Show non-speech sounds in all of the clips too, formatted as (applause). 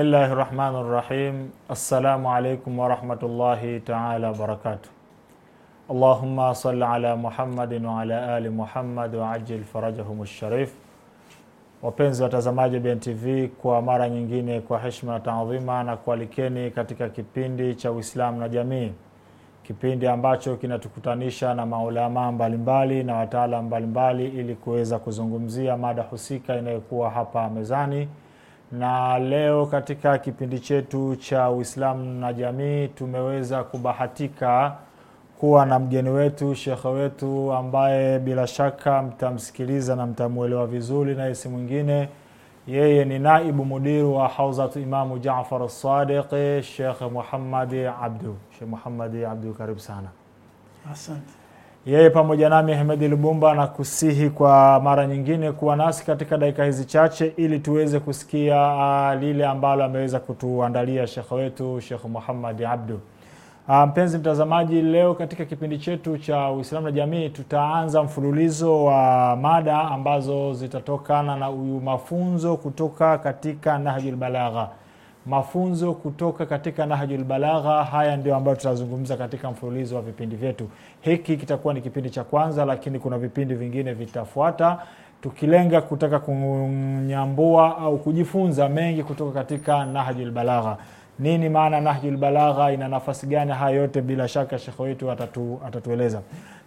Bismillahi rahmani rahim. Assalamu alaikum warahmatullahi taala wabarakatu Allahumma salli ala Muhammadin wa ala ali Muhammad wa ajil farajahum sharif. Wapenzi watazamaji wa BNTV, kwa mara nyingine, kwa heshima na taadhima, na kualikeni katika kipindi cha Uislamu na Jamii, kipindi ambacho kinatukutanisha na maulamaa mbalimbali na wataalam mbalimbali ili kuweza kuzungumzia mada husika inayokuwa hapa mezani na leo katika kipindi chetu cha Uislamu na Jamii tumeweza kubahatika kuwa na mgeni wetu, shekhe wetu ambaye bila shaka mtamsikiliza na mtamwelewa vizuri, naye si mwingine yeye ni naibu mudiri wa hauzatu Imamu Jafar Sadiqi, Shekhe Muhamadi Abdu. Shekhe Muhamadi Abdu, karibu sana. Asante yeye pamoja nami Ahmedi Lubumba na kusihi kwa mara nyingine kuwa nasi katika dakika hizi chache ili tuweze kusikia uh, lile ambalo ameweza kutuandalia shekhe wetu Shekh Muhammad Abdu. Uh, mpenzi mtazamaji, leo katika kipindi chetu cha Uislamu na Jamii tutaanza mfululizo wa mada ambazo zitatokana na uyu mafunzo kutoka katika Nahjul Balagha mafunzo kutoka katika Nahjul Balagha. Haya ndio ambayo tutazungumza katika mfululizo wa vipindi vyetu. Hiki kitakuwa ni kipindi cha kwanza, lakini kuna vipindi vingine vitafuata, tukilenga kutaka kunyambua au kujifunza mengi kutoka katika Nahjul Balagha. Nini maana Nahjul Balagha, ina nafasi gani? Haya yote bila shaka shekhe wetu atatu, atatueleza,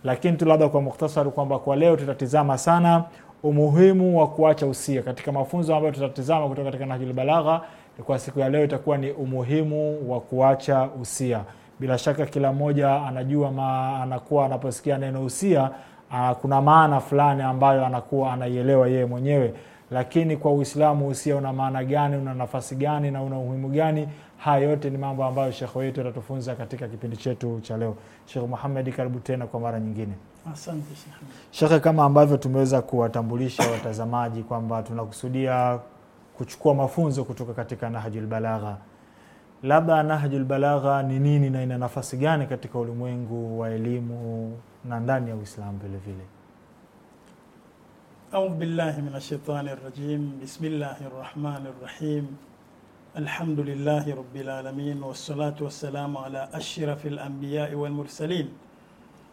lakini tu labda kwa mukhtasari kwamba kwa leo tutatizama sana umuhimu wa kuacha usia katika mafunzo ambayo tutatizama kutoka katika Nahjul Balagha kwa siku ya leo itakuwa ni umuhimu wa kuacha usia. Bila shaka kila mmoja anajua ma, anakuwa anaposikia neno usia uh, kuna maana fulani ambayo anakuwa anaielewa yeye mwenyewe, lakini kwa Uislamu usia una maana gani, una nafasi gani na una umuhimu gani? Haya yote ni mambo ambayo shekhe wetu atatufunza katika kipindi chetu cha leo. Shekhe Muhamedi, karibu tena kwa mara nyingine. Asante shekhe. Kama ambavyo tumeweza kuwatambulisha watazamaji kwamba tunakusudia kuchukua mafunzo kutoka katika Nahjul Balagha. Labda Nahjul Balagha ni nini na ina nafasi gani katika ulimwengu wa elimu na ndani ya Uislamu vile vile? Audhu billahi minash shaitani rajim. Bismillahir rahmanir rahim. Alhamdulillahi rabbil alamin wassalatu wassalamu ala ashrafil anbiya'i wal mursalin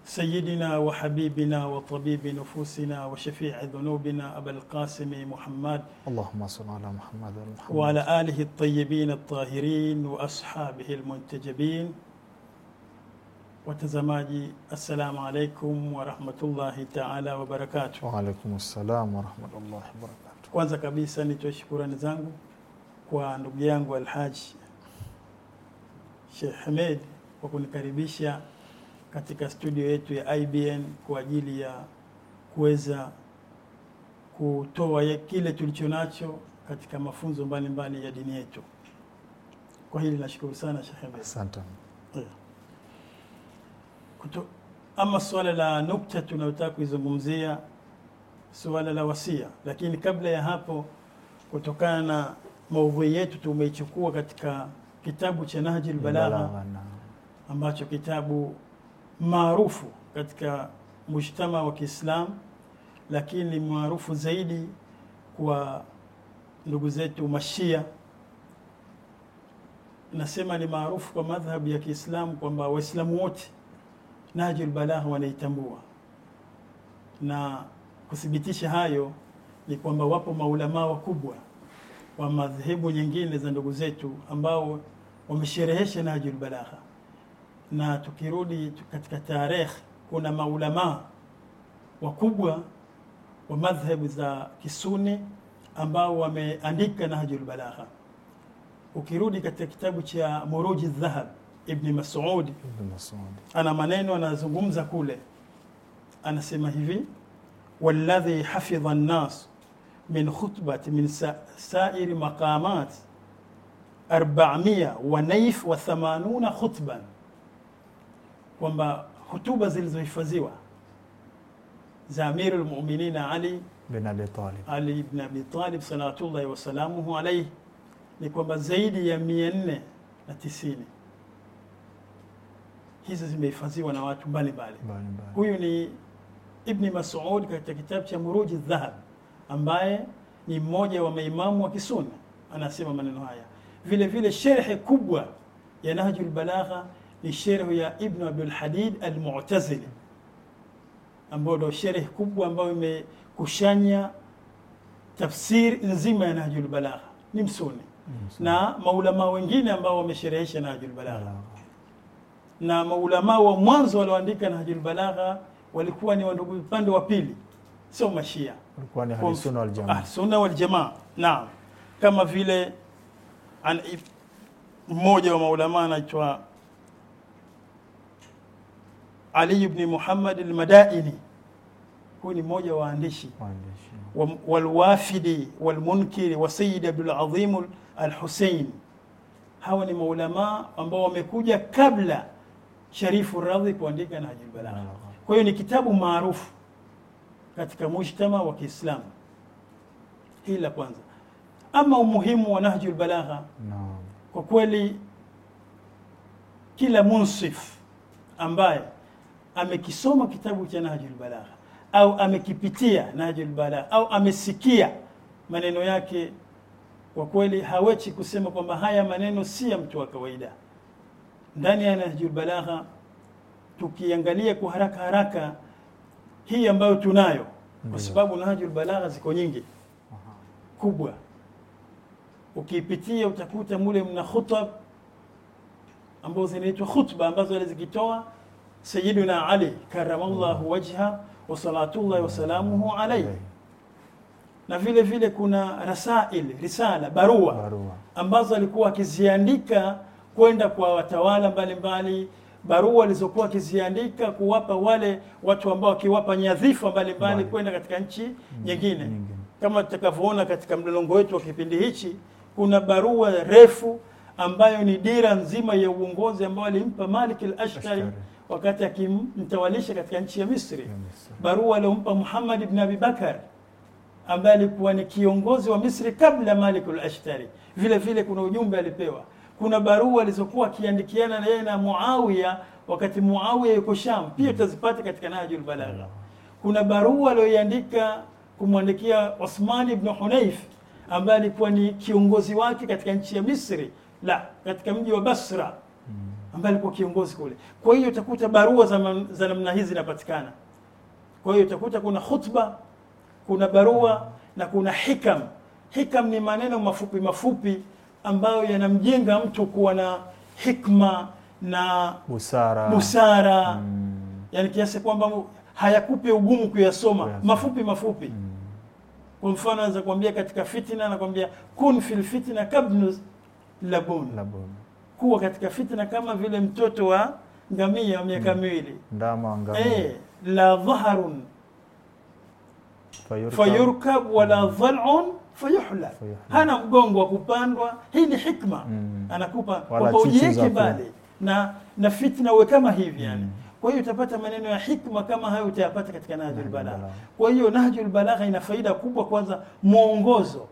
سيدنا وحبيبنا وطبيب نفوسنا وشفيع ذنوبنا أبا القاسم محمد اللهم صل على محمد وعلى آله الطيبين الطاهرين وأصحابه المنتجبين وتزماجي السلام عليكم ورحمة الله تعالى وبركاته وعليكم السلام ورحمة الله وبركاته وانزا كبيسا nitoe shukurani zangu kwa ndugu yangu Alhaji Sheikh katika studio yetu ya IBN kwa ajili ya kuweza kutoa kile tulichonacho katika mafunzo mbalimbali mbali ya dini yetu. Kwa hili nashukuru sana Sheikh. Asante. Eh. Kuto, ama suala la nukta tunayotaka kuizungumzia suala la wasia, lakini kabla ya hapo, kutokana na maudhui yetu tumeichukua katika kitabu cha Nahjul Balagha ambacho kitabu maarufu katika mujtama wa Kiislamu, lakini maarufu zaidi kwa ndugu zetu Mashia. Nasema ni maarufu kwa madhhabu ya Kiislamu kwamba Waislamu wote Nahjul Balagha wanaitambua na kuthibitisha hayo ni kwamba wapo maulamaa wakubwa wa madhehebu nyingine za ndugu zetu ambao wamesherehesha Nahjul Balagha na tukirudi katika tarehe, kuna maulamaa wakubwa wa madhhabu za kisuni ambao wameandika Nahjul Balagha. Ukirudi katika kitabu cha Muruji Dhahab, Ibn Mas'ud ana maneno anazungumza kule, anasema hivi walladhi hafidha an-nas min khutbati min sa sairi maqamat 480 khutban kwamba hutuba zilizohifadhiwa za Amiru lmuminin Ali bin Abi Talib, Ali bin Abi Talib salawatullahi wasalamuhu alaihi ni kwamba zaidi ya mia nne na tisini hizi zimehifadhiwa na watu mbalimbali. Huyu ni Ibni Mas'ud katika kitabu cha Muruji Dhahab, ambaye ni mmoja wa maimamu wa Kisuna, anasema maneno haya. Vile vile sherhe kubwa ya Nahjul Balagha ni sherehu ya Ibn abdul Hadid Almutazili, ambayo ndio sherehe kubwa ambayo imekushanya tafsiri nzima ya Nahjul Balagha. Ni msuni na maulama wengine ambao wamesherehesha Nahjul Balagha, na maulama wa mwanzo walioandika Nahjul Balagha walikuwa ni wandugu upande wa pili, sio Mashia, walikuwa ni Ahlusunna wal Jamaa. Ahlusunna wal Jamaa, naam, kama vile mmoja wa maulama anaitwa ali ibn Muhammad al-Madaini, huyu ni mmoja wa waandishi walwafidi walmunkiri wa Sayyid Abdul Azim al-Hussein. Hawa ni maulamaa ambao wamekuja kabla Sharifu Radhi kuandika Nahjul Balagha. Kwa hiyo ni kitabu maarufu katika mujtama wa Kiislamu. Hili la kwanza. Ama umuhimu wa Nahjul Balagha no. Kwa kweli kila munsif ambaye amekisoma kitabu cha Nahjul Balagha au amekipitia Nahjul Balagha au amesikia maneno yake, kwa kweli hawechi kusema kwamba haya maneno si ya mtu wa kawaida. Ndani ya Nahjul Balagha tukiangalia kwa haraka haraka hii ambayo tunayo, kwa sababu Nahjul Balagha ziko nyingi kubwa, ukiipitia utakuta mule mna khutab ambazo zinaitwa khutba ambazo alizikitoa Sayyiduna Ali karamallahu wajha wa salatullahi wasalamuhu alayhi. Na vile vile kuna rasail, risala, barua, ambazo alikuwa akiziandika kwenda kwa watawala mbalimbali, barua alizokuwa akiziandika kuwapa wale watu ambao akiwapa nyadhifa mbalimbali kwenda katika nchi mm, nyingine kama tutakavyoona katika mlolongo wetu wa kipindi hichi kuna barua refu ambayo ni dira nzima ya uongozi ambao alimpa Malik al-Ashkari wakati akimtawalisha katika nchi ya Misri, barua aliompa Muhammad ibn Abi Bakar ambaye alikuwa ni kiongozi wa Misri kabla al Ashtari. Vile vile kuna ujumbe alipewa, kuna barua alizokuwa akiandikiana na yeye na Muawiya wakati Muawiya yuko Sham, pia mm. utazipata katika Nahjul Balagha. Kuna barua aliyoiandika kumwandikia Osman ibn Hunayf ambaye alikuwa ni kiongozi wake katika nchi ya Misri, la katika mji wa Basra mm ambaye alikuwa kiongozi kule. Kwa hiyo utakuta barua za, za namna hizi zinapatikana. Kwa hiyo utakuta kuna khutba, kuna barua na kuna hikam. Hikam ni maneno mafupi mafupi ambayo yanamjenga mtu kuwa na hikma na busara, busara. Mm. Yani kiasi kwamba hayakupe ugumu kuyasoma yes. Mafupi mafupi mm. Kwa mfano anaweza kuambia katika fitina, anakuambia kun fil fitna kabnu labun, labun kuwa katika fitna kama vile mtoto wa ngamia wa miaka mm. miwili ndama ngamia eh, la dhaharun fayurkab wala mm. dhal'un fayuhlak, hana mgongo wa kupandwa. Hii ni hikma mm. anakupa kwamba ujiweke mbali na na fitna uwe kama hivi yani mm. Kwa hiyo utapata maneno ya hikma kama hayo utayapata katika Nahjul Balagha. Kwa hiyo Nahjul Balagha ina faida kubwa, kwanza mwongozo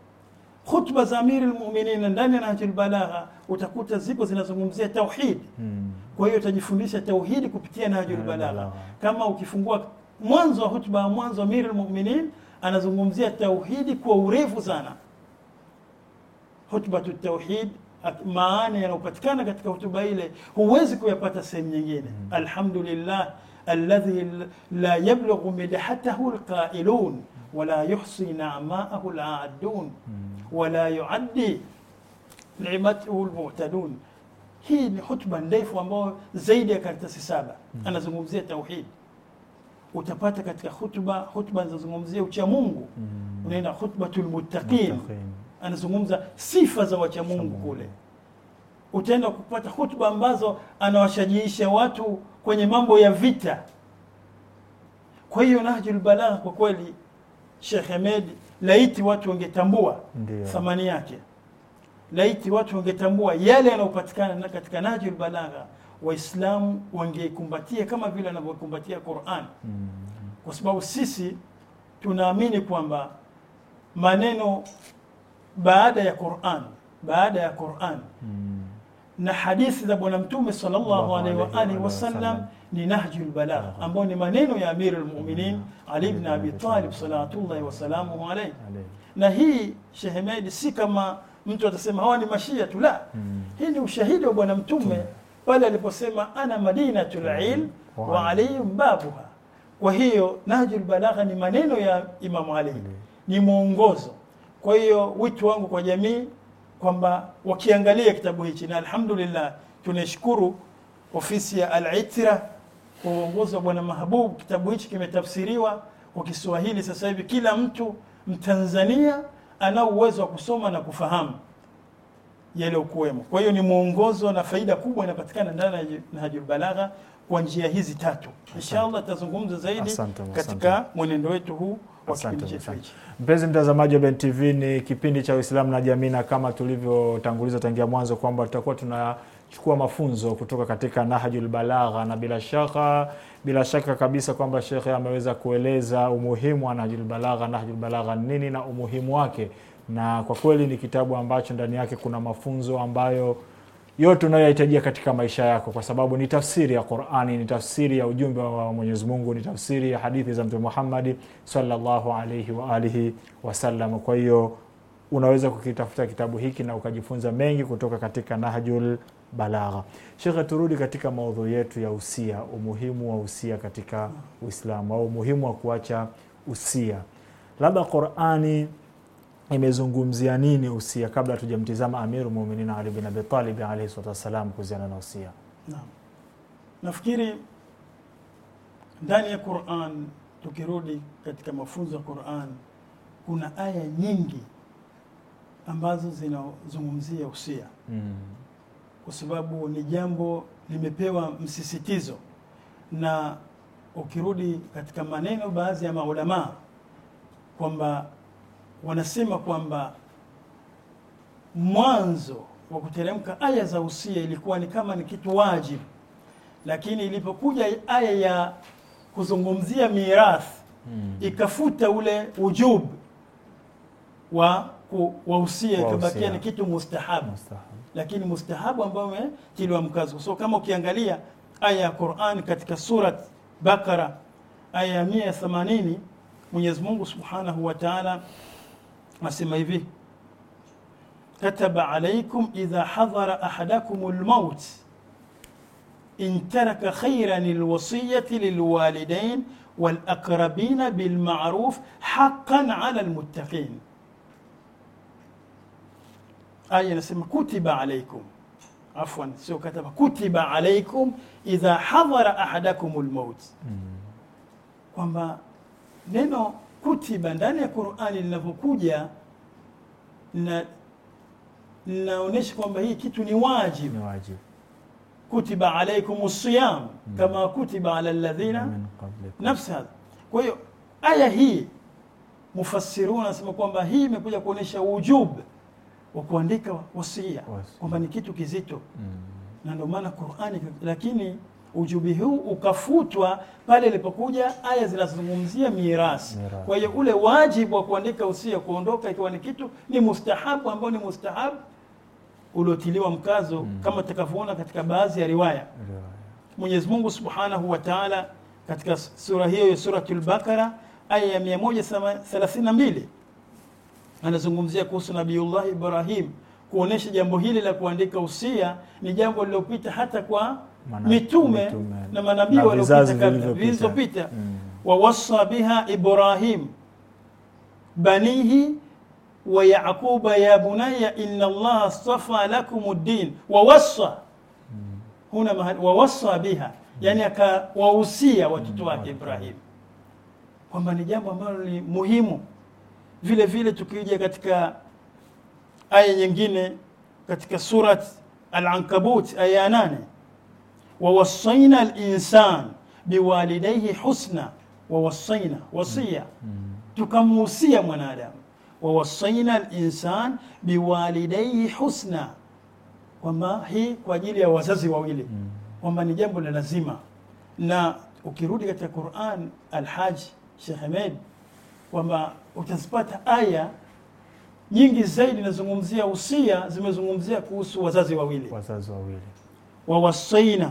khutba za amiri lmuminin ndani ya Nahjul Balagha utakuta ziko zinazungumzia tauhid. Hmm. Kwa hiyo utajifundisha tauhidi kupitia Nahjul Balagha. Kama ukifungua mwanzo wa hutba ya mwanzo amiri lmuminin anazungumzia tauhidi kwa urefu sana, hutbatu tauhid maana yanayopatikana katika hutuba ile huwezi kuyapata sehemu nyingine. Hmm. Alhamdulillah alladhi la yablughu midhatahu alqailun wala yuhsi namaahu laadun wala yuaddi nimatahu lmutadun. Hii ni hutuba ndefu ambayo zaidi ya karatasi saba hmm. anazungumzia tauhid. Utapata katika hutuba hutuba zinazozungumzia ucha Mungu, hmm. unaenda hutbatu muttaqin, anazungumza sifa za wacha Mungu kule utaenda kupata hutuba ambazo anawashajiisha watu kwenye mambo ya vita. Kwa hiyo Nahjul Balagha kwa kweli Sheikh Ahmed, laiti watu wangetambua thamani yake, laiti watu wangetambua yale yanayopatikana katika Nahjul Balagha, Waislamu wangekumbatia kama vile wanavyokumbatia Qur'an mm. kwa sababu sisi tunaamini kwamba maneno baada ya Qur'an baada ya Qur'an mm. na hadithi za Bwana Mtume sallallahu alaihi wa alihi wasallam ni Nahjul Balagha ambao ni maneno ya Amirul Mu'minin Ali ibn Abi Talib salawatullahi wasalamuhu alayhi. Na hii Sheikh si kama mtu atasema hawa ni mashia tu, la, hmm. hii ni ushahidi wa Bwana Mtume hmm. pale aliposema ana madinatul hmm. ilm wa alayhim babuha. Kwa hiyo Nahjul Balagha ni maneno ya Imamu Ali, ni mwongozo. Kwa hiyo wito wangu kwa jamii kwamba wakiangalia kitabu hichi, na alhamdulillah tunashukuru ofisi ya Al-Itra kwa uongozi wa Bwana Mahabubu. Kitabu hichi kimetafsiriwa kwa Kiswahili sasa hivi, kila mtu Mtanzania ana uwezo wa kusoma na kufahamu yaliyokuwemo. Kwa hiyo ni mwongozo na faida kubwa inapatikana ndani ya Nahjul Balagha kwa njia hizi tatu. Inshallah tutazungumza zaidi asante, katika mwenendo wetu huu wa kipindi chetu hichi. Mpenzi mtazamaji wa BenTV, ni kipindi cha Uislamu na jamii, na kama tulivyotanguliza tangia mwanzo kwamba tutakuwa tuna chukua mafunzo kutoka katika Nahjul Balagha, na bila shaka bila shaka kabisa kwamba shekhe ameweza kueleza umuhimu wa Nahjul Balagha, Nahjul Balagha nini na umuhimu wake, na kwa kweli ni kitabu ambacho ndani yake kuna mafunzo ambayo yote unayohitajia katika maisha yako, kwa sababu ni tafsiri ya Qur'ani, ni tafsiri ya ujumbe wa Mwenyezi Mungu, ni tafsiri ya hadithi za Mtume Muhammad sallallahu alayhi wa alihi wasallam. Kwa hiyo unaweza kukitafuta kitabu hiki na ukajifunza mengi kutoka katika Nahjul balagha. Shekhe, turudi katika maudhui yetu ya usia, umuhimu wa usia katika Uislamu au umuhimu wa kuacha usia. Labda Qurani imezungumzia nini usia, kabla tujamtizama Amiru Muminina Ali bin Abi Talib alayhi salatu wassalam kuhusiana na usia? Naam, nafikiri ndani ya Quran, tukirudi katika mafunzo ya Quran, kuna aya nyingi ambazo zinazungumzia usia mm kwa sababu ni jambo limepewa msisitizo, na ukirudi katika maneno baadhi ya maulamaa kwamba wanasema kwamba mwanzo wa kuteremka aya za usia ilikuwa ni kama ni kitu wajibu, lakini ilipokuja aya ya kuzungumzia mirathi hmm, ikafuta ule ujubu wa usia, ikabakia ni kitu mustahabu, mustahabu lakini mustahabu ambao umetiliwa mkazo. So kama ukiangalia aya ya Qur'an katika surat Bakara aya ya 180 Mwenyezi Mungu Subhanahu wa Ta'ala asema hivi kataba alaykum idha hadhara ahadakum almaut in taraka khayran alwasiyati lilwalidain والأقربين بالمعروف حقا على المتقين aya inasema kutiba alaikum afwan sio kataba kutiba alaikum idha hadhara ahadakum lmaut mm. kwamba neno kutiba ndani ya Qur'ani linavyokuja linaonyesha kwamba hii kitu ni wajib ni wajib kutiba alaikum siyam mm. kama kutiba ala ladhina nafsi hadha kwa hiyo aya hii mufassiruna anasema kwamba hii imekuja kuonyesha wujub wa kuandika wasia kwamba ni kitu kizito mm. na ndio maana Qur'ani, lakini ujubi huu ukafutwa pale ilipokuja aya zinazozungumzia mirasi. Kwa hiyo ule wajibu wa kuandika usia kuondoka ikiwa ni kitu ni mustahabu, ambao ni mustahabu uliotiliwa mkazo mm. kama tutakavyoona katika baadhi ya riwaya. Mwenyezi Mungu Subhanahu wa Ta'ala katika sura hiyo ya Suratul Bakara aya ya 132 anazungumzia kuhusu Nabiullah Ibrahim, kuonesha jambo hili la kuandika usia ni jambo lililopita hata kwa Mana, mitume, mitume na manabii walizopita mm. wawasa biha Ibrahim banihi wa Yaquba ya bunaya inna Allah astafa lakum din wawasa mm. huna mahali wawasa biha mm. yani akawahusia watoto mm, wake Ibrahim kwamba ni jambo ambalo ni muhimu vile vile tukija katika aya nyingine katika surat Al-Ankabut aya ya nane wasaina al-insan biwalidayhi husna wasaina wasia mm-hmm. tukamuhusia mwanadamu mwanadamu wasaina al-insan biwalidayhi husna kwamba hii kwa ajili ya wazazi wawili mm-hmm. kwamba ni jambo la lazima na ukirudi katika Qur'an Al-Hajj Sheikh Ahmed kwamba utazipata aya nyingi zaidi nazungumzia usia, zimezungumzia kuhusu wazazi wawili, wazazi wawili, wawasaina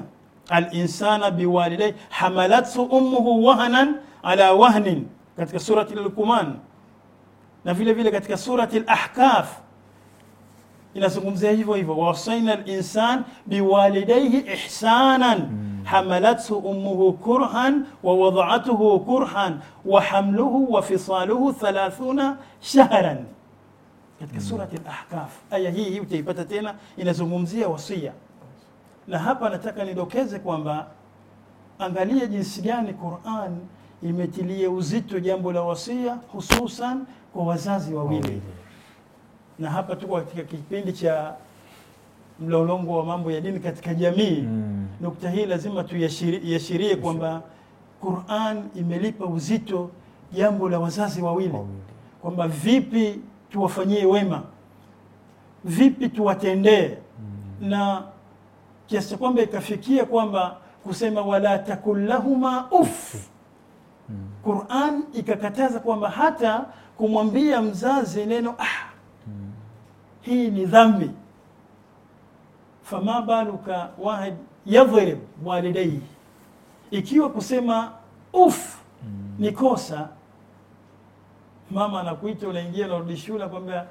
alinsana biwalidai hamalathu ummuhu wahanan ala wahnin katika surati Luqman, na vile vile katika surati Al-Ahkaf inazungumzia hivyo hivyo, wawasaina alinsan biwalidaihi ihsanan hmm hamalathu ummuhu kurhan wa wada'atuhu kurhan wa hamluhu wa fisaluhu 30 shahran katika surat al-Ahkaf. Aya hii hii utaipata tena, inazungumzia wasia, na hapa nataka nidokeze kwamba angalia jinsi gani Qur'an imetilia uzito jambo la wasia, hususan kwa wazazi wawili, na hapa tuko katika kipindi cha mlolongo wa mambo ya dini katika jamii mm nukta hii lazima tuiashirie kwamba Qur'an imelipa uzito jambo la wazazi wawili, kwamba vipi tuwafanyie wema, vipi tuwatendee, mm. na kiasi cha kwamba ikafikia kwamba kusema wala takullahuma uf mm. Qur'an ikakataza kwamba hata kumwambia mzazi neno ah, mm. hii ni dhambi, fama baluka wahid yadhrib walidai, ikiwa kusema uf mm. ni kosa, mama anakuita, unaingia, unarudi shule, nakwambia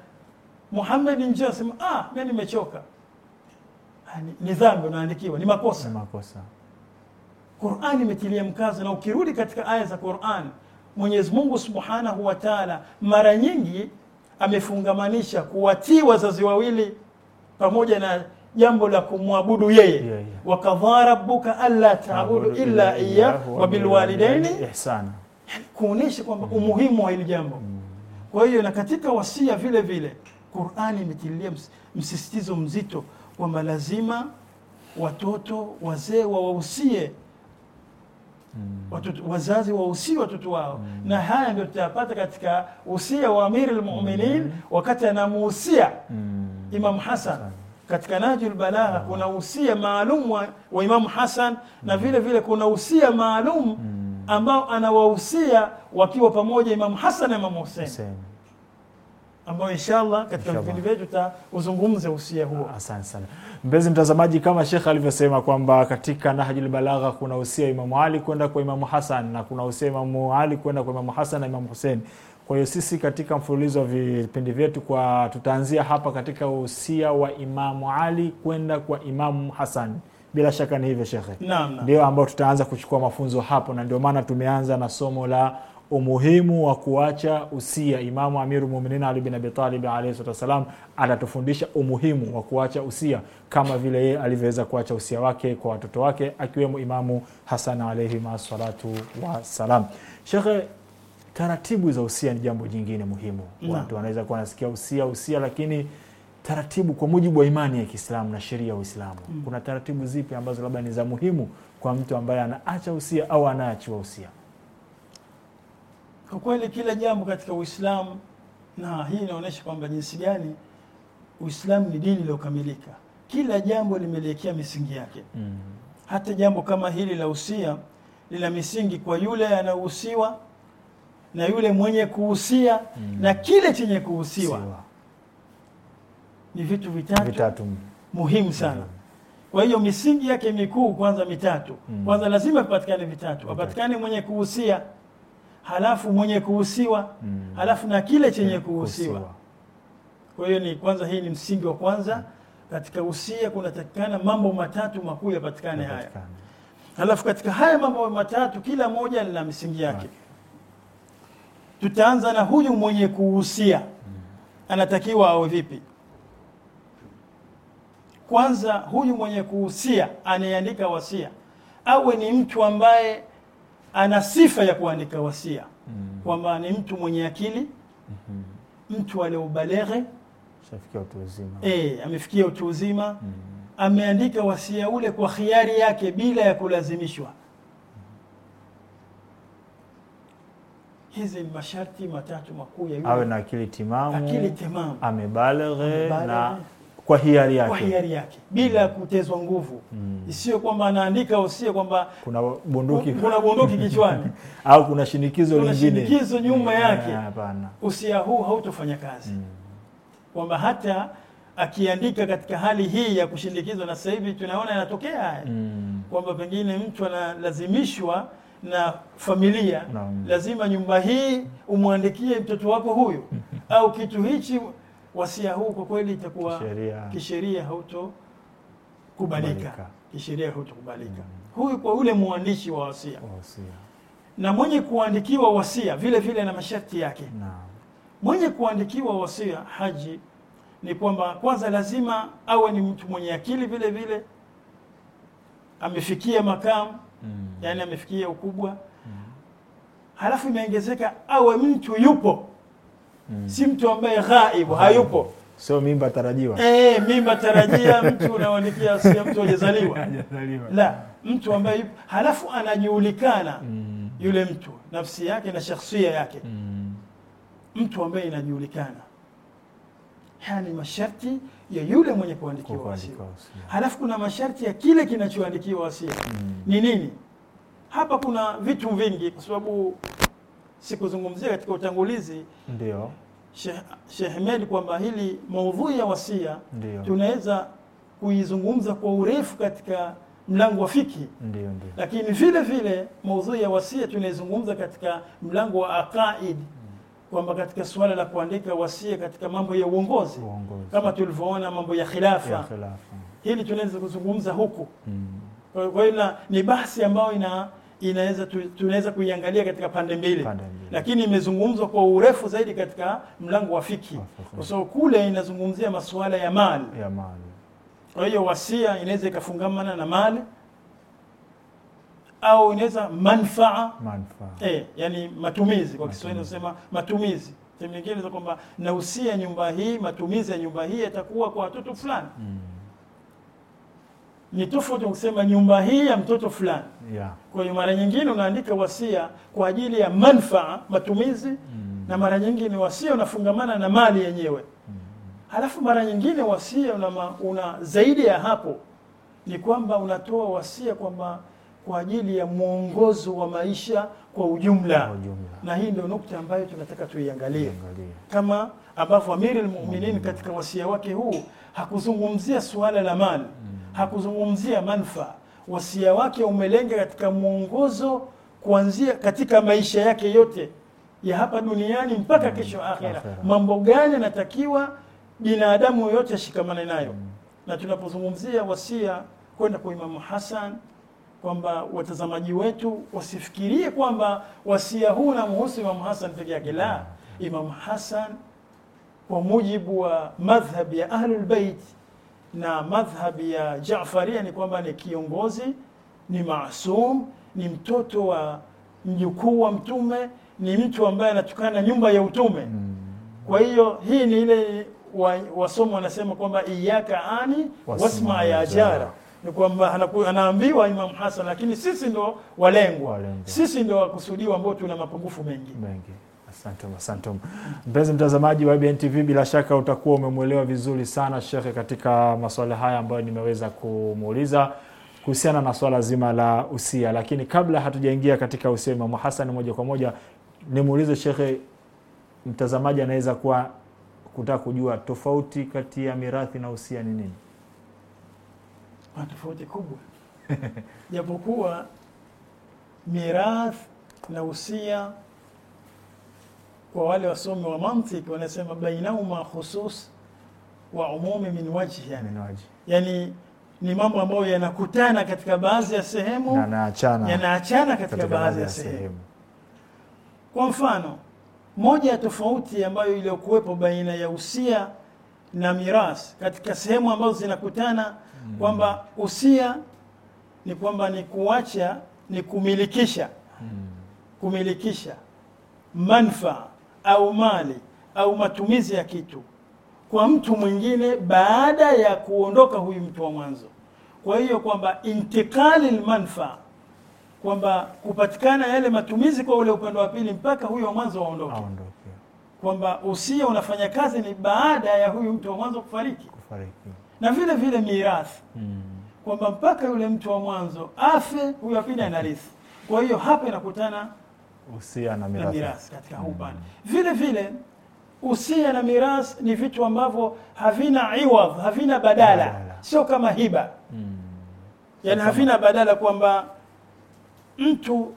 Muhammad nje, asema ah, mimi nimechoka. Ah, ni dhambi, unaandikiwa, ni makosa, ni makosa. Qur'ani imetilia mkazo, na ukirudi katika aya za quran Mwenyezi Mungu Subhanahu wa Ta'ala mara nyingi amefungamanisha kuwatii wazazi wawili pamoja na jambo la kumwabudu yeye yeah, yeah. wakadha rabbuka alla taabudu illa iya wa bilwalidaini ihsana yani kuonesha kwamba mm. umuhimu wa hili jambo mm. kwa hiyo na katika wasia vile vile Qur'ani imetilia msisitizo mzito kwamba lazima watoto wazee wawahusie mm. watoto wazazi wahusie watoto wao mm. na haya ndio tutayapata katika usia wa amiri lmuminin mm. wakati anamuhusia mm. Imam Hassan katika Nahjul Balagha kuna usia maalum wa, wa Imamu Hasan na mm. vile vile kuna usia maalum mm. ambao anawahusia wakiwa pamoja Imamu Hasan na Imamu Husein ambao inshallah katika vipindi vyetu tutazungumza usia huo. Ah, asante sana mpenzi mtazamaji, kama Sheikh alivyosema kwamba katika Nahjul Balagha kuna usia Imamu Ali kwenda kwa Imamu Hasan na kuna usia Imamu Ali kwenda kwa Imamu Hasan na Imamu Husein. Kwa hiyo sisi katika mfululizo wa vipindi vyetu kwa tutaanzia hapa katika usia wa Imamu Ali kwenda kwa Imamu hasan Bila shaka ni hivyo shekhe, ndio ambao tutaanza kuchukua mafunzo hapo, na ndio maana tumeanza na somo la umuhimu wa kuacha usia. Imamu Amiru Muminin Ali bin Abitalib alaihi salatu wassalam anatufundisha umuhimu wa kuacha usia kama vile yeye alivyoweza kuacha usia wake kwa watoto wake akiwemo Imamu Hasan alaihi masalatu wassalam. Shekhe, Taratibu za usia ni jambo jingine muhimu. Watu wanaweza kuwa wanasikia usia usia, lakini taratibu kwa mujibu wa imani ya Kiislamu na sheria ya Uislamu, mm. kuna taratibu zipi ambazo labda ni za muhimu kwa mtu ambaye anaacha usia au anaachiwa usia? Kwa kweli kila jambo katika Uislamu, na hii inaonyesha kwamba jinsi gani Uislamu ni dini iliyokamilika. Kila jambo limelekea misingi yake mm. hata jambo kama hili la usia lina misingi kwa yule anayehusiwa na yule mwenye kuhusia mm. na kile chenye kuhusiwa Siwa. Ni vitu vitatu, vitatu muhimu sana mm. Kwa hiyo misingi yake mikuu kwanza mitatu mm. Kwanza lazima vipatikane vitatu, apatikane okay. mwenye kuhusia halafu mwenye kuhusiwa mm. halafu na kile chenye kuhusiwa. Kwa hiyo ni kwanza, hii ni msingi wa kwanza mm. katika usia, kunatakikana mambo matatu makuu yapatikane haya, halafu katika haya mambo matatu kila moja lina misingi yake okay tutaanza na huyu mwenye kuhusia anatakiwa awe vipi? Kwanza, huyu mwenye kuhusia anayeandika wasia awe ni mtu ambaye ana sifa ya kuandika wasia, mm-hmm. kwamba ni mtu mwenye akili, mm-hmm. mtu alioubaleghe e, amefikia utu uzima, eh, mm-hmm. ameandika wasia ule kwa khiari yake bila ya kulazimishwa. hizi masharti matatu makuu ya yule, awe na akili timamu, akili timamu, amebalaghe na kwa hiari yake, kwa hiari yake bila mm. kutezwa nguvu mm. isiyo kwamba anaandika usie kwamba kuna bunduki, kuna bunduki (laughs) kichwani au kuna shinikizo lingine, kuna shinikizo nyuma eh, yake. Hapana, usia huu hautofanya kazi mm. kwamba hata akiandika katika hali hii ya kushindikizwa, na sasa hivi tunaona yanatokea mm. kwamba pengine mtu analazimishwa na familia na, Lazima nyumba hii umwandikie mtoto wako huyu (laughs) au kitu hichi, wasia huu kwa kweli itakuwa kisheria hautokubalika, kisheria hautokubalika mm. Huyu kwa ule mwandishi wa wasia, wasia. Na mwenye kuandikiwa wasia vile vile na masharti yake na. Mwenye kuandikiwa wasia Haji ni kwamba kwanza lazima awe ni mtu mwenye akili vile vile, amefikia makamu mm. yaani amefikia ukubwa mm. halafu imeongezeka awe mtu yupo mm. si mtu ambaye ghaibu hayupo sio mimba tarajiwa e, mimba tarajia mtu unaonekia si mtu ajazaliwa la mtu ambaye yupo halafu anajulikana mm. yule mtu nafsi yake na shakhsia yake mm. mtu ambaye inajulikana yani masharti ya yule mwenye kuandikiwa wasia. Halafu kuna masharti ya kile kinachoandikiwa wasia mm. ni nini? Hapa kuna vitu vingi, kwa sababu sikuzungumzia katika utangulizi ndio Sheikh Ahmed kwamba hili maudhui ya wasia tunaweza kuizungumza kwa urefu katika mlango wa fiki ndio, ndio. Lakini vile vile maudhui ya wasia tunaizungumza katika mlango wa aqaid kwamba katika suala la kuandika wasia katika mambo ya uongozi, uongozi. kama tulivyoona mambo ya khilafa, ya khilafa hili tunaweza kuzungumza huku mm. Kwa hiyo ni bahasi ambayo ina inaweza tunaweza kuiangalia katika pande mbili, lakini imezungumzwa kwa urefu zaidi katika mlango wa fiki, kwa sababu kule inazungumzia masuala ya mali. Kwa hiyo wasia inaweza ikafungamana na mali au inaweza manfaa eh, yani matumizi kwa Kiswahili tunasema matumizi. Sehemu nyingine za kwamba nausia nyumba hii, matumizi ya nyumba hii yatakuwa kwa watoto fulani mm. Ni tofauti kusema nyumba hii ya mtoto fulani yeah. Kwa hiyo mara nyingine unaandika wasia kwa ajili ya manfaa, matumizi mm. na mara nyingine wasia unafungamana na mali yenyewe mm. Halafu mara nyingine wasia una, una zaidi ya hapo ni kwamba unatoa wasia kwamba kwa ajili ya mwongozo wa maisha kwa ujumla, ujumla. Na hii ndio nukta ambayo tunataka tuiangalie, kama ambavyo Amiri al-Mu'minin katika wasia wake huu hakuzungumzia suala la mali mm. hakuzungumzia manfaa. Wasia wake umelenga katika mwongozo kuanzia katika maisha yake yote ya hapa duniani mpaka mm. kesho akhera, mambo gani anatakiwa binadamu yoyote ashikamane nayo mm. na tunapozungumzia wasia kwenda kwa Imamu Hassan kwamba watazamaji wetu wasifikirie kwamba wasia huu namhusu Imamu Hasan peke yake. La, Imamu Hasan kwa mujibu wa madhhabi ya Ahlulbeit na madhhabi ya Jafaria ni kwamba ni kiongozi, ni maasum, ni mtoto wa mjukuu wa Mtume, ni mtu ambaye anatokana na nyumba ya utume. Hmm. Kwa hiyo hii ni ile wasomo wa wanasema kwamba iyaka ani wasma ya jara ni kwamba anaambiwa Imam Hassan, lakini sisi ndo walengwa, walengwa. Sisi ndo wakusudiwa ambao tuna mapungufu mengi mengi. Asante, asante Mpenzi mtazamaji wa IBN TV, bila shaka utakuwa umemwelewa vizuri sana shekhe katika masuala haya ambayo nimeweza kumuuliza kuhusiana na swala zima la usia, lakini kabla hatujaingia katika usia Imam Hassan moja kwa moja, nimuulize shekhe, mtazamaji anaweza kuwa kutaka kujua tofauti kati ya mirathi na usia ni nini? kuna tofauti kubwa (laughs) japokuwa mirath na usia kwa wale wasomi wa mantiki wanasema bainahuma khusus wa umumi min wajhi yani, yani ni mambo ambayo yanakutana katika baadhi ya sehemu yanaachana katika, katika baadhi ya sehemu. Kwa mfano, moja ya tofauti ambayo iliyokuwepo baina ya usia na miras katika sehemu ambazo zinakutana kwamba usia ni kwamba ni kuacha ni kumilikisha kumilikisha manfaa au mali au matumizi ya kitu kwa mtu mwingine baada ya kuondoka huyu mtu wa mwanzo. Kwa hiyo kwamba intikali lmanfaa, kwamba kupatikana yale matumizi kwa ule upande wa pili mpaka huyu wa mwanzo aondoke, kwamba usia unafanya kazi ni baada ya huyu mtu wa mwanzo kufariki, kufariki na vile vile mirathi mm. kwamba mpaka yule mtu wa mwanzo afe, huyo pili anarithi. Kwa hiyo hapa inakutana usia na mirathi katika huu upande mm. vile vile usia na mirathi ni vitu ambavyo havina iwadh, havina badala, badala. Sio kama hiba mm. yani havina badala kwamba mtu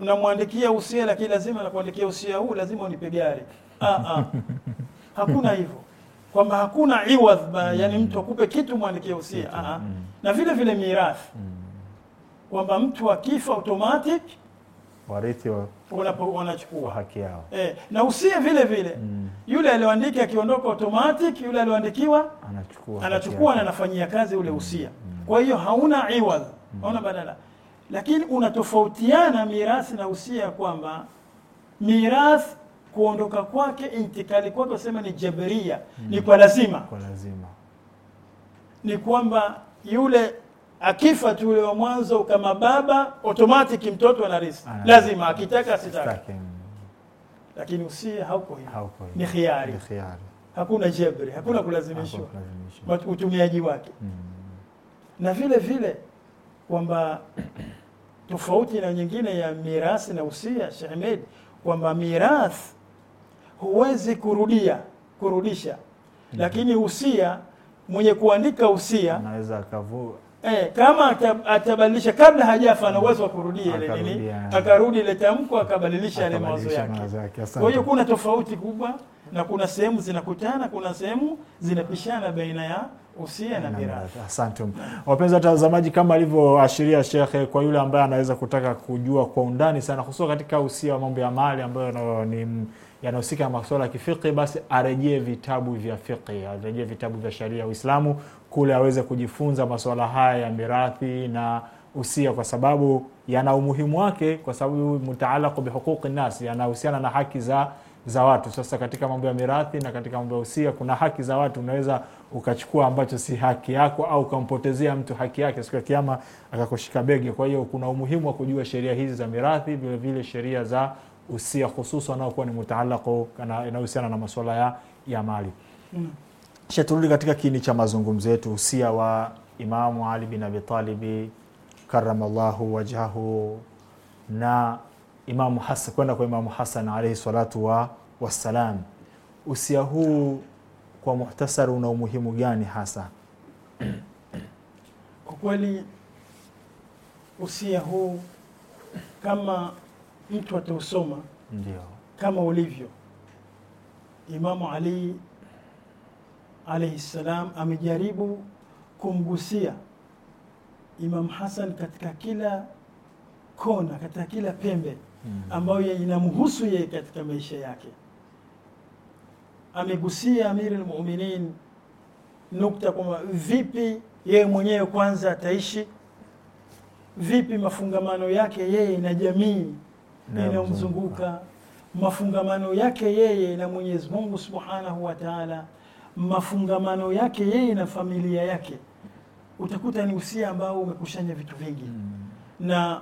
namwandikia usia lakini lazima nakuandikia usia huu lazima unipe gari. Ah, ah. (laughs) hakuna hivyo kwamba hakuna iwadh mm. yani mtu akupe kitu mwandikie usia mm. na vile vile mirathi mm. kwamba mtu akifa automatic warithi wanachukua haki yao e, na usia vile vile mm. yule aliyoandika akiondoka automatic yule aliyoandikiwa anachukua, anachukua na anafanyia kazi ule mm. usia mm. kwa hiyo hauna iwadh mm. hauna badala, lakini unatofautiana mirathi na usia kwamba mirathi kuondoka kwake, intikali kwake, wasema ni jabiria mm. ni kwa lazima, kwa lazima ni kwamba yule akifa tu yule wa mwanzo kama baba, automatic mtoto anarisi, lazima akitaka asitake. Lakini usia hauko hivyo, ni khiari, hakuna jebri, hakuna kulazimishwa utumiaji wake mm. na vile vile kwamba tofauti na nyingine ya mirathi na usia, Sheikh Ahmed, kwamba mirathi huwezi kurudia kurudisha, mhm. lakini usia mwenye kuandika usia anaweza akavua Eh, kama atabadilisha kabla hajafa na mhm. uwezo wa kurudia ile nini, akarudi ile tamko akabadilisha ile mawazo yake. Kwa hiyo kuna tofauti kubwa, na kuna sehemu zinakutana, kuna sehemu zinapishana baina ya usia na mirathi. Asante wapenzi watazamaji, kama alivyoashiria shekhe, kwa yule ambaye anaweza kutaka kujua kwa undani sana, hususan katika usia wa mambo ya mali ambayo ni yanahusika na masuala ya kifiqhi, basi arejee vitabu vya fiqhi, arejee vitabu vya sharia ya Uislamu kule aweze kujifunza masuala haya ya mirathi na usia, kwa sababu yana umuhimu wake, kwa sababu mutaalaku bihuquqi nnas, yanahusiana na haki za za watu. Sasa katika mambo ya mirathi na katika mambo ya usia kuna haki za watu, unaweza ukachukua ambacho si haki yako au ukampotezea mtu haki yake siku ya kiama akakushika begi. Kwa hiyo kuna umuhimu wa kujua sheria hizi za mirathi, vilevile sheria za usia hususan anaokuwa ni mutaalaku inayohusiana na masuala ya, ya mali mm. Kisha turudi katika kini cha mazungumzo yetu, usia wa Imamu Ali bin Abi Talib karamallahu wajhahu na Imamu Hasan, kwenda kwa Imamu Hasan alayhi salatu wa Usia huu kwa muhtasari una umuhimu gani hasa? Kwa kweli usia huu kama mtu atausoma ndio kama ulivyo. Imamu Ali alaihi salam amejaribu kumgusia Imam Hasan katika kila kona, katika kila pembe hmm. ambayo inamhusu yeye katika maisha yake. Amegusia Amirul Mu'minin nukta kwamba vipi yeye mwenyewe kwanza ataishi vipi, mafungamano yake yeye na jamii yanayomzunguka mafungamano yake yeye na Mwenyezi Mungu Subhanahu wa Ta'ala, mafungamano yake yeye na familia yake, utakuta ni usia ambao umekushanya vitu vingi hmm. na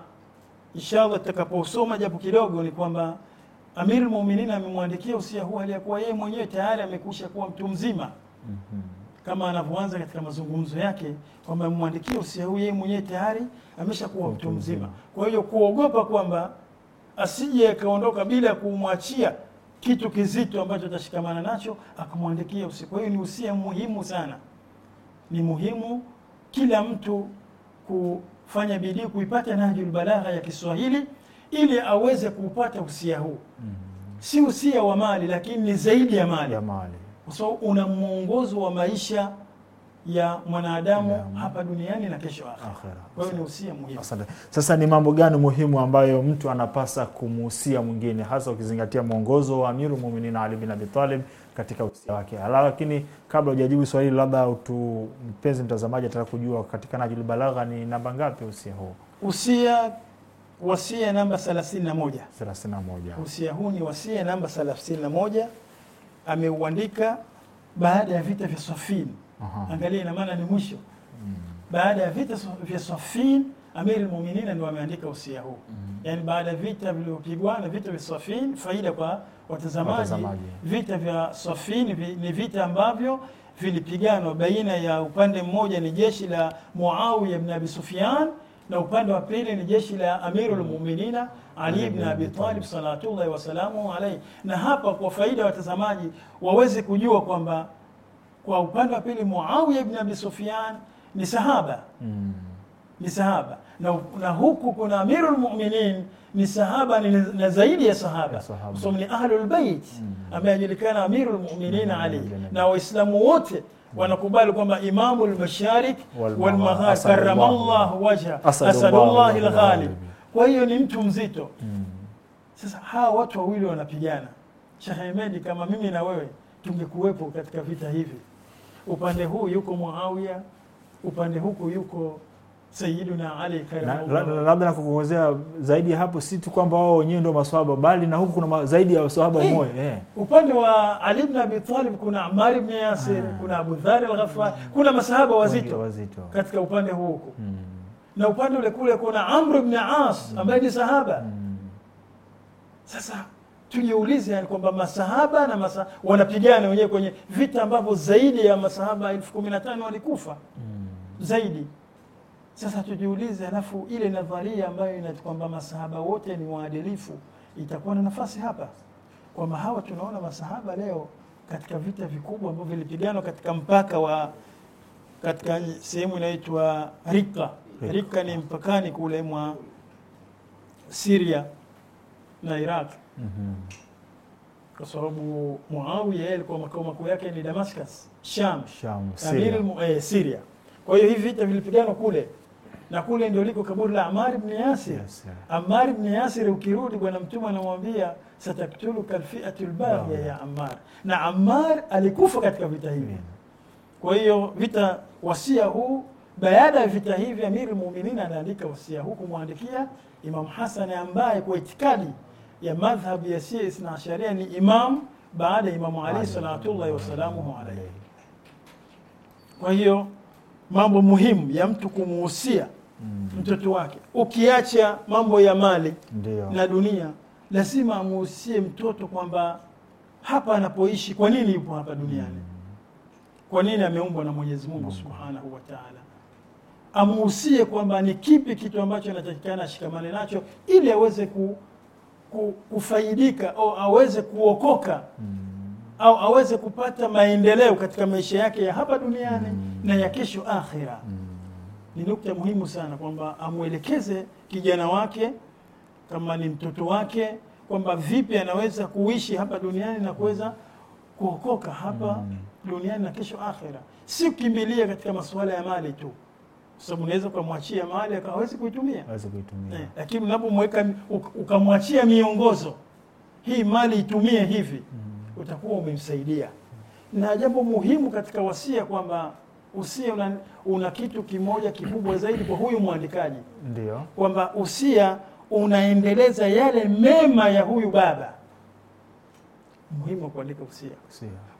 inshallah tutakaposoma japo kidogo, ni kwamba Amir Mu'minin amemwandikia usia huu hali ya kuwa yeye mwenyewe tayari amekusha kuwa mtu mzima -hmm. kama anavyoanza katika mazungumzo yake kwamba amemwandikia usia huu yeye mwenyewe tayari ameshakuwa mtu mzima, kwa hiyo kuogopa kwamba asije akaondoka bila kumwachia kitu kizito ambacho atashikamana nacho akamwandikia usiku. Hiyo ni usia muhimu sana. Ni muhimu kila mtu kufanya bidii kuipata Nahjul Balagha ya Kiswahili ili aweze kuupata usia huu mm -hmm. Si usia wa mali, lakini ni zaidi ya mali, kwa sababu una mwongozo wa maisha ya mwanadamu yeah, hapa duniani na kesho akhera. Kwa hiyo ni usia muhimu. Asante. Sasa ni mambo gani muhimu ambayo mtu anapasa kumuhusia mwingine hasa ukizingatia mwongozo wa Amirul Mu'minin Ali bin Abi Talib katika usia wake? Lakini kabla hujajibu swali, hili, labda tu mpenzi mtazamaji ataka kujua katika Nahjul Balagha ni namba ngapi usia huu? Usia wasia namba 31. 31. Usia huu ni wasia namba 31 ameuandika baada ya vita vya Safin. -huh. Angalia, ina maana ni mwisho mm. Baada ya vita vya Safin, Amiri Muminin ndio ameandika usia huu mm. Yaani baada ya vita na vita vya Safin, faida kwa watazamaji, watazamaji. Vita vya Safin ni vita ambavyo vilipiganwa baina ya upande mmoja ni jeshi la Muawiya ibn Abi Sufyan na upande wa pili ni jeshi la Amirul mm. Muminina Ali ibn Abi Talib salatullahi wasalamu alayhi. Na hapa kwa faida ya watazamaji waweze kujua kwamba kwa upande wa pili Muawiya ibn Abi Sufyan ni sahaba mm. ni sahaba na, na huku kuna Amirul Mu'minin ni sahaba na zaidi ya sahaba, kwa sababu ni Ahlul Bait mm. ambaye anajulikana Amirul Mu'minin mm. Ali, mm. na Waislamu wote wanakubali kwamba Imamu lmasharik Maghrib karamallahu wajha al lghalib. Kwa hiyo ni mtu mzito. Sasa hawa watu wawili wanapigana, shahemedi kama mimi na wewe tungekuwepo katika vita hivi upande huu yuko Muawiya, upande huku yuko Sayyiduna Ali. Labda nakuongezea zaidi ya hapo, si tu kwamba wao wenyewe ndio maswahaba, bali na huku kuna zaidi ya maswahaba mmoja eh, hey, yeah. Upande wa Ali ibn Abi Talib kuna Ammar ibn Yasir ah, kuna Abu Dhar al-Ghafari hmm. kuna masahaba wazito, wazito katika upande huu huku hmm. Na upande ule kule kuna Amr ibn As hmm. ambaye ni sahaba hmm. Sasa tujiulize yani kwamba masahaba na masa, wanapigana wenyewe kwenye vita ambavyo zaidi ya masahaba elfu kumi na tano walikufa mm. zaidi. Sasa tujiulize, alafu ile nadharia ambayo ina kwamba masahaba wote ni waadilifu itakuwa na nafasi hapa, kwamba hawa tunaona masahaba leo katika vita vikubwa ambavyo vilipiganwa katika mpaka wa katika sehemu inaitwa Rika. Rika ni mpakani kule mwa Syria na Iraq -hmm. Kwa sababu Muawiya alikuwa makao makuu yake ni Damascus, Sham, Sham Syria. Eh, Syria. Kwa hiyo hivi vita vilipiganwa kule na kule ndio liko kaburi la Amar ibn Yasir. Yes, yeah. Amar ibn Yasir ukirudi, bwana Mtume anamwambia sataktulu kalfiatul baghiya ya Amar, na Amar alikufa katika vita hivi mm-hmm. Kwa hiyo vita wasia huu, baada ya vita hivi, Amir Muminin anaandika wasia huu kumwandikia Imam Hassan ambaye kwa itikadi ya madhhabu ya si Isna Asharia ni imam baada ya Imamu Ali salatullahi wasalamuhu alaihi. Kwa hiyo mambo muhimu ya mtu kumuhusia mm. mtoto wake, ukiacha mambo ya mali Ndiyo. na dunia, lazima amuhusie mtoto kwamba hapa anapoishi, kwa nini yupo hapa duniani, mm. kwa nini ameumbwa na Mwenyezi Mungu mm. subhanahu wa taala amuhusie kwamba ni kipi kitu ambacho anatakikana ashikamane nacho ili aweze ku kufaidika au aweze kuokoka mm. au aweze kupata maendeleo katika maisha yake ya hapa duniani mm. na ya kesho akhira mm. Ni nukta muhimu sana kwamba amwelekeze kijana wake kama ni mtoto wake kwamba vipi anaweza kuishi hapa duniani na kuweza kuokoka hapa mm. duniani na kesho akhira, si kukimbilia katika masuala ya mali tu kwa sababu unaweza ukamwachia mali akawezi kuitumia, hawezi kuitumia eh, lakini unapomweka ukamwachia miongozo hii mali itumie hivi mm. utakuwa umemsaidia mm. na jambo muhimu katika wasia kwamba usia una, una kitu kimoja kikubwa zaidi kwa huyu mwandikaji, ndio kwamba usia unaendeleza yale mema ya huyu baba muhimu wa kuandika usia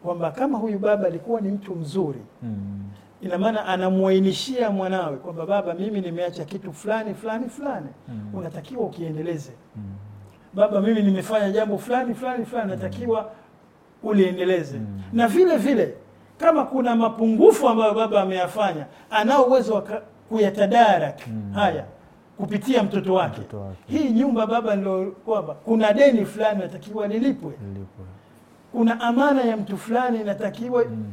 kwamba kama huyu baba alikuwa ni mtu mzuri mm. ina maana anamwainishia mwanawe kwamba baba, mimi nimeacha kitu fulani fulani fulani mm. unatakiwa ukiendeleze mm. baba, mimi nimefanya jambo fulani fulani fulani natakiwa mm. uliendeleze mm. na vile vile kama kuna mapungufu ambayo baba ameyafanya, anao uwezo wa kuyatadarak mm. haya kupitia mtoto wake, mtoto wake. Hii nyumba baba kwamba kuna deni fulani natakiwa lilipwe, kuna amana ya mtu fulani inatakiwa mm.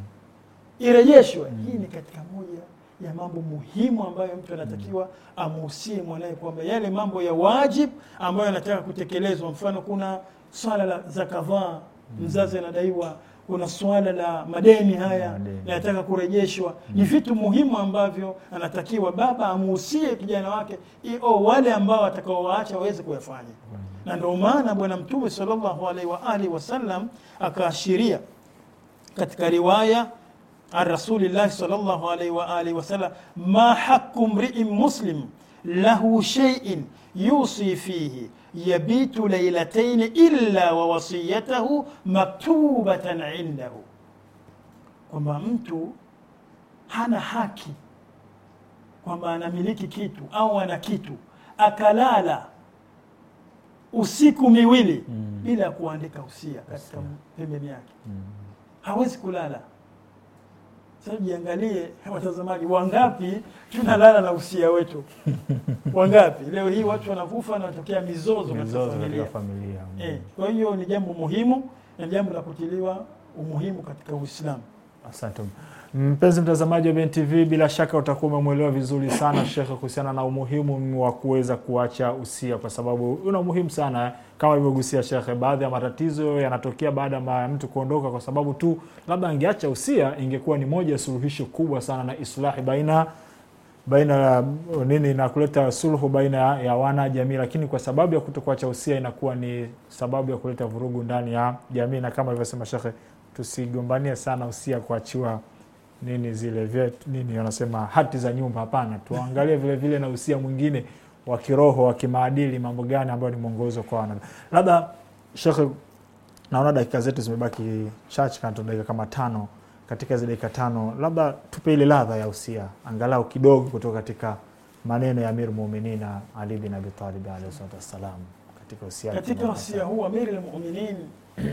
irejeshwe mm. Hii ni katika moja ya mambo muhimu ambayo mtu anatakiwa mm. amuhusie mwanaye kwamba yale mambo ya wajibu ambayo anataka kutekelezwa, mfano kuna swala la za mm. mzazi anadaiwa kuna swala la madeni haya yanataka kurejeshwa. Ni mm. vitu muhimu ambavyo anatakiwa baba amuhusie kijana wake o wale ambao watakaowaacha waweze kuyafanya, mm. na ndio maana Bwana Mtume salllahu alaihi wa alihi wasallam akaashiria katika riwaya an Rasulillahi salllahu alaihi wa alihi wasallam, ma haku mri'in muslim lahu sheiin yusi fihi yabitu lailataini illa wa wasiyatahu maktubatan indahu, kwamba mtu hana haki kwamba anamiliki kitu au ana kitu akalala usiku miwili mm. bila kuandika usia katika pembeni yake mm. hawezi kulala sasa jiangalie watazamaji, wangapi tunalala na usia wetu? (laughs) Wangapi leo hii watu wanakufa na kutokea mizozo katika familia, familia. E, kwa hiyo ni jambo muhimu na jambo la kutiliwa umuhimu katika Uislamu. Asante mpenzi mtazamaji wa BNTV, bila shaka utakuwa umemwelewa vizuri sana shekhe kuhusiana na umuhimu wa kuweza kuacha usia, kwa sababu una umuhimu sana eh? kama alivyogusia shekhe. Baadhi ya matatizo yanatokea baada ya mtu kuondoka, kwa sababu tu labda angeacha usia, ingekuwa ni moja ya suluhisho kubwa sana na islahi baina baina ya nini na kuleta suluhu baina ya wana jamii, lakini kwa sababu ya kutokuacha usia inakuwa ni sababu ya kuleta vurugu ndani ya jamii, na kama alivyosema shekhe tusigombanie sana usia kuachiwa nini zile vyetu nini wanasema hati za nyumba. Hapana, tuangalie vile vile na usia mwingine wa kiroho wa kimaadili, mambo gani ambayo ni mwongozo kwa wana. Labda shekhe, naona dakika zetu zimebaki chache, kana dakika kama tano. Katika zile dakika tano, labda tupe ile ladha ya usia angalau kidogo kutoka katika maneno ya Amir Muuminina Ali bin Abi Talib alayhi salatu wassalam, katika usia katika usia huu Amir Muuminina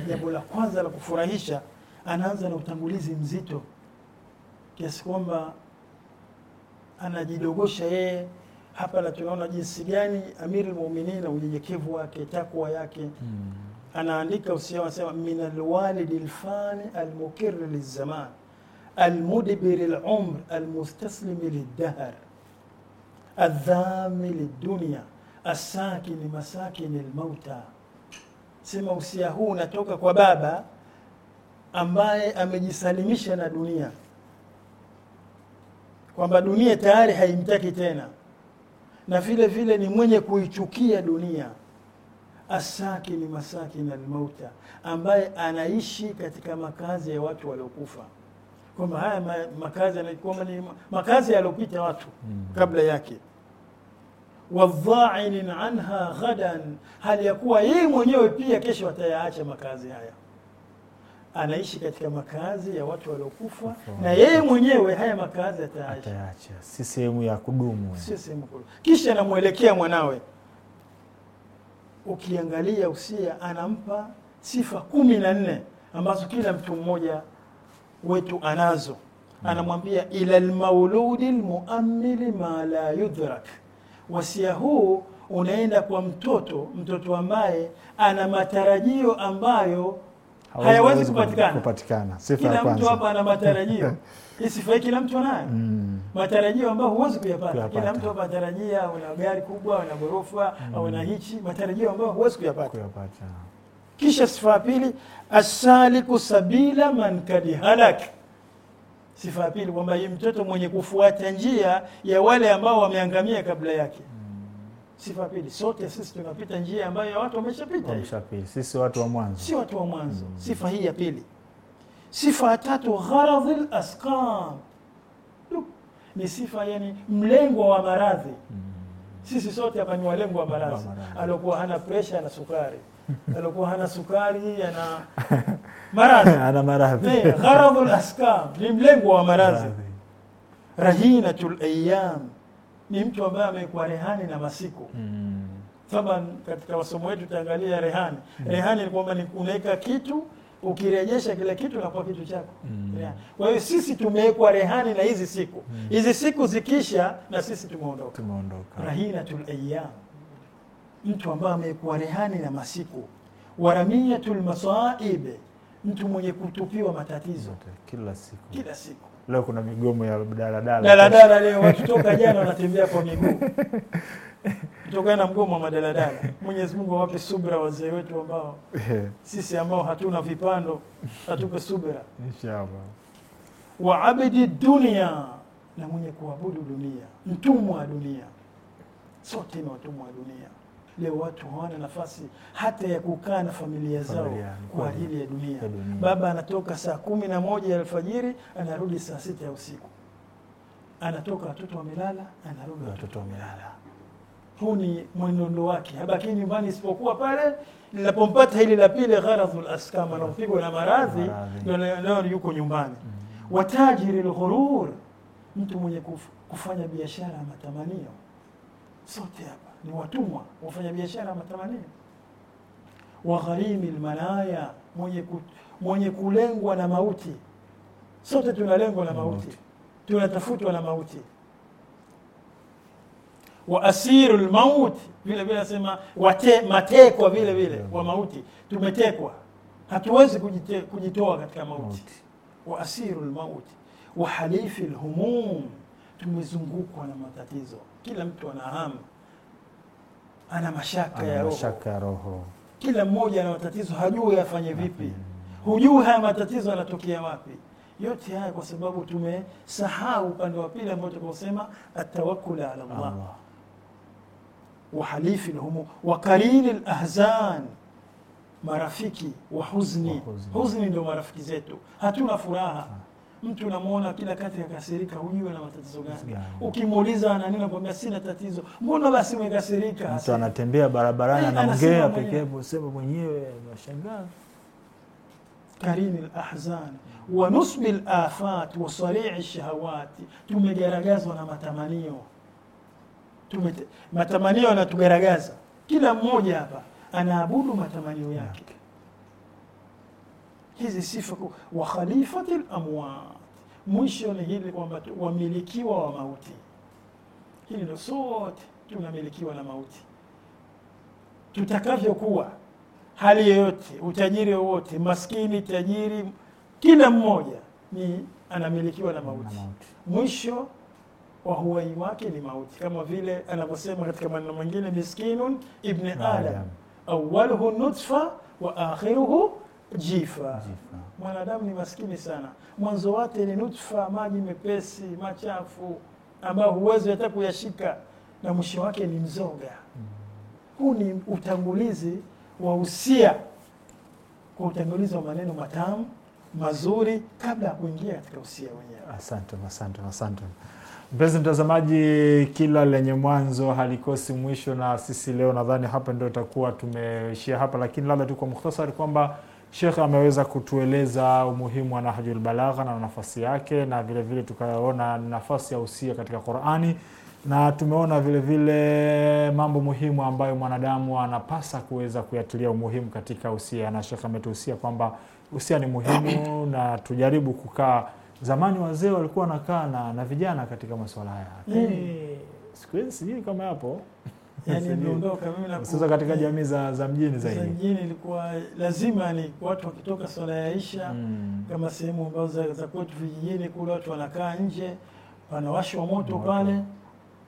jambo la kwanza la kufurahisha, anaanza na utangulizi mzito kiasi kwamba anajidogosha yeye hapa, na tunaona jinsi gani Amiri Mu'minin na unyenyekevu wake, takwa yake mm. Anaandika usia, anasema min alwalidi alfani almukir lizaman almudbir alumr almustaslim lidahr aldhami lidunya asakini masakini almauta sema usia huu unatoka kwa baba ambaye amejisalimisha na dunia, kwamba dunia tayari haimtaki tena, na vile vile ni mwenye kuichukia dunia. Asakini masakini almauta, ambaye anaishi katika makazi ya watu waliokufa, kwamba haya makazi, makazi yaliopita watu mm. kabla yake wadha'inin anha ghadan, hali ya kuwa yeye mwenyewe pia kesho atayaacha makazi haya. Anaishi katika makazi ya watu waliokufa na yeye mwenyewe haya makazi atayaacha, si sehemu ya kudumu, si sehemu kudumu. Kisha anamwelekea mwanawe, ukiangalia usia anampa sifa kumi na nne ambazo kila mtu mmoja wetu anazo. Hmm. Anamwambia ila lmauludi lmuamili ma la yudhrak wasia huu unaenda kwa mtoto, mtoto ambaye ana matarajio ambayo hayawezi kupatikana kupatikana. Sifa ya kwanza, kila mtu hapa ana matarajio hii (laughs) sifa hii kila mtu anayo mm. matarajio ambayo huwezi kuyapata. Kila mtu hapa anatarajia una gari kubwa, una ghorofa au mm. una hichi, matarajio ambayo huwezi kuyapata kuyapata. Kisha sifa ya pili, asaliku sabila man kad halak sifa ya pili kwamba yeye mtoto mwenye kufuata njia ya wale ambao wameangamia kabla yake. Mm. Sifa ya pili, sote sisi tunapita njia ambayo watu wameshapita, wameshapita. Sisi watu wa mwanzo, si watu wa mwanzo. Mm. Sifa hii ya pili. Sifa ya tatu, gharadhil asqam ni sifa yani mlengwa wa maradhi. Mm. Sisi sote hapa ni walengwa wa maradhi, aliokuwa hana presha na sukari (laughs) alikuwa hana sukari, ana maradhi (laughs) ana maradhi gharadhu al ni mlengwa wa maradhi. Rahinatul ayyam ni mtu ambaye amekuwa rehani na masiku mm. Taban katika wasomo wetu tutaangalia rehani mm. Rehani ni kwamba unaweka kitu ukirejesha kile kitu kwa kitu chako mm. Kwa hiyo sisi tumewekwa rehani na hizi siku mm. hizi mm. Siku zikisha na sisi tumeondoka, tumeondoka. Rahinatul ayyam mtu ambaye amekuwa rehani na masiku, waramiyatul masaib, mtu mwenye kutupiwa matatizo kila siku, kila siku. Leo kuna migomo ya daladala daladala, leo watu toka jana wanatembea kwa miguu kutokana na mgomo wa madaladala. Mwenyezi Mungu awape subra wazee wetu ambao sisi ambao hatuna vipando, hatupe subra inshallah. Wa abdi dunia, na mwenye kuabudu dunia, mtumwa wa dunia. Sote ni watumwa wa dunia leo watu hawana nafasi hata ya kukaa na familia zao familia, kwa ajili ya dunia. dunia. Baba anatoka saa kumi na moja ya alfajiri anarudi saa sita ya usiku, anatoka watoto wamelala, anarudi watoto wamelala. Huu ni mwenendo wake, habaki nyumbani isipokuwa pale linapompata hili la pili, gharadhul askam, anaopigwa na maradhi, ndio yuko nyumbani. mm. watajiri lghurur, mtu mwenye kuf, kufanya biashara ya matamanio, sote hapa ni watumwa biashara matamanini wa gharimi almalaya mwenye, ku, mwenye kulengwa na mauti sote tunalengwa na mauti tunatafutwa na mauti wa asiru lmauti vile vile asema wate, matekwa vile vile wa mauti tumetekwa hatuwezi kujitoa katika mauti wa asiru lmauti wa halifi lhumum tumezungukwa na matatizo kila mtu ana hamu ana mashaka ana ya roho, mashaka ya roho. Kila mmoja ana matatizo, hajui afanye vipi, hujui haya matatizo yanatokea wapi. Yote haya kwa sababu tumesahau upande wa pili ambao tukaosema atawakkul ala Allah wahalifi lhumu wakariri lahzan, marafiki wa huzni. Huzni ndio marafiki zetu, hatuna furaha ha mtu unamwona kila kati akasirika, hujui na matatizo gani. Ukimuuliza ana nini, anakuambia sina tatizo. Mbona basi umekasirika? Mtu anatembea barabarani anaongea pekee sema mwenyewe, nashangaa. Karini al-ahzan wa nusbi al-afat wa sari'i shahawati, tumegaragazwa na matamanio Tumete, matamanio yanatugaragaza. Kila mmoja hapa anaabudu matamanio yake hizi sifa wa khalifatil amwat, mwisho ni hili kwamba wamilikiwa wa mauti. Hili ndio sote tunamilikiwa na mauti, tutakavyokuwa hali yoyote, utajiri wowote, maskini, tajiri, kila mmoja ni anamilikiwa na mauti. Mwisho wa huwai wake ni mauti, kama vile anavyosema katika maneno mengine, miskinun ibni adam awaluhu nutfa wa akhiruhu jifa. Mwanadamu ni maskini sana, mwanzo wake ni nutfa, maji mepesi machafu ambayo huwezi hata kuyashika, na mwisho wake ni mzoga. Mm. Huu ni utangulizi wa usia, kwa utangulizi wa maneno matamu mazuri kabla ya kuingia katika usia wenyewe. Asante, asante, asante. Mpenzi mtazamaji, kila lenye mwanzo halikosi mwisho, na sisi leo nadhani hapa ndio itakuwa tumeishia hapa, lakini labda tu kwa mukhtasari kwamba shekh ameweza kutueleza umuhimu wa Nahjul Balagha na nafasi yake, na vile vile tukaona nafasi ya usia katika Qur'ani, na tumeona vile vile mambo muhimu ambayo mwanadamu anapasa kuweza kuyatilia umuhimu katika usia, na shekh ametuhusia kwamba usia ni muhimu (coughs) na tujaribu kukaa. Zamani wazee walikuwa wanakaa na vijana katika masuala haya, lakini mm. siku hizi sijui kama yapo yani niliondoka mimi na sasa katika jamii za za mjini zaidi. Za mjini ilikuwa lazima ni watu wakitoka swala ya Isha mm. kama sehemu ambazo za, za kwetu vijijini kule watu wanakaa nje panawashwa moto mm. pale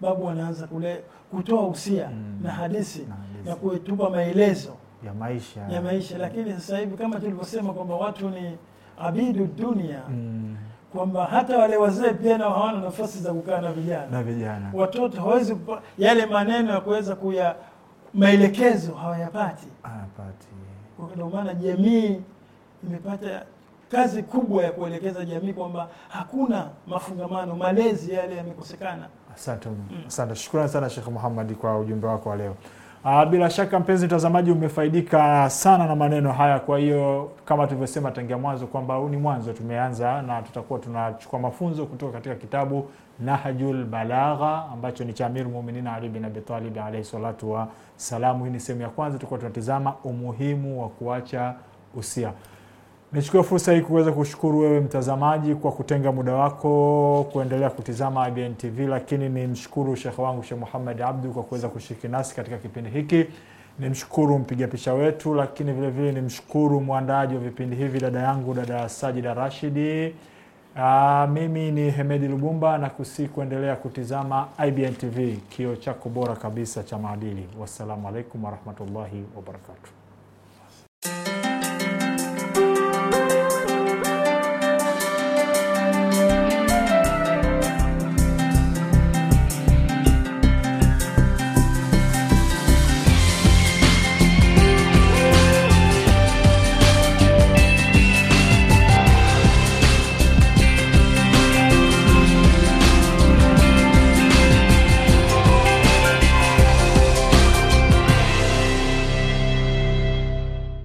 babu anaanza kule kutoa usia mm. na hadithi na kuetupa maelezo ya maisha ya maisha, lakini sasa hivi kama tulivyosema kwamba watu ni abidu dunia mm kwamba hata wale wazee pia nao hawana nafasi za kukaa na vijana na vijana, watoto hawezi yale maneno ya kuweza kuya maelekezo hawayapati, hawapati. Ndio maana jamii imepata kazi kubwa ya kuelekeza jamii kwamba hakuna mafungamano, malezi yale yamekosekana. Asante, mm. asante. Shukrani sana Sheikh Muhammad kwa ujumbe wako wa leo. Uh, bila shaka mpenzi mtazamaji, umefaidika sana na maneno haya. Kwa hiyo kama tulivyosema tangia mwanzo kwamba huu ni mwanzo, tumeanza na tutakuwa tunachukua mafunzo kutoka katika kitabu Nahjul Balagha ambacho ni cha Amir Muminin Ali bin Abi Talib alayhi salatu wa salamu. Hii ni sehemu ya kwanza, tulikuwa tunatizama umuhimu wa kuacha usia. Nichukue fursa hii kuweza kushukuru wewe mtazamaji kwa kutenga muda wako kuendelea kutizama IBN TV, lakini nimshukuru shekhe wangu Sheikh Muhammad Abdu kwa kuweza kushiriki nasi katika kipindi hiki. Nimshukuru mpiga picha wetu, lakini vile vile nimshukuru mwandaji wa vipindi hivi dada yangu dada Sajida Rashidi. Aa, ah, mimi ni Hemedi Lubumba na kusi kuendelea kutizama IBN TV, kio chako bora kabisa cha maadili. Wassalamu alaikum warahmatullahi wabarakatuh.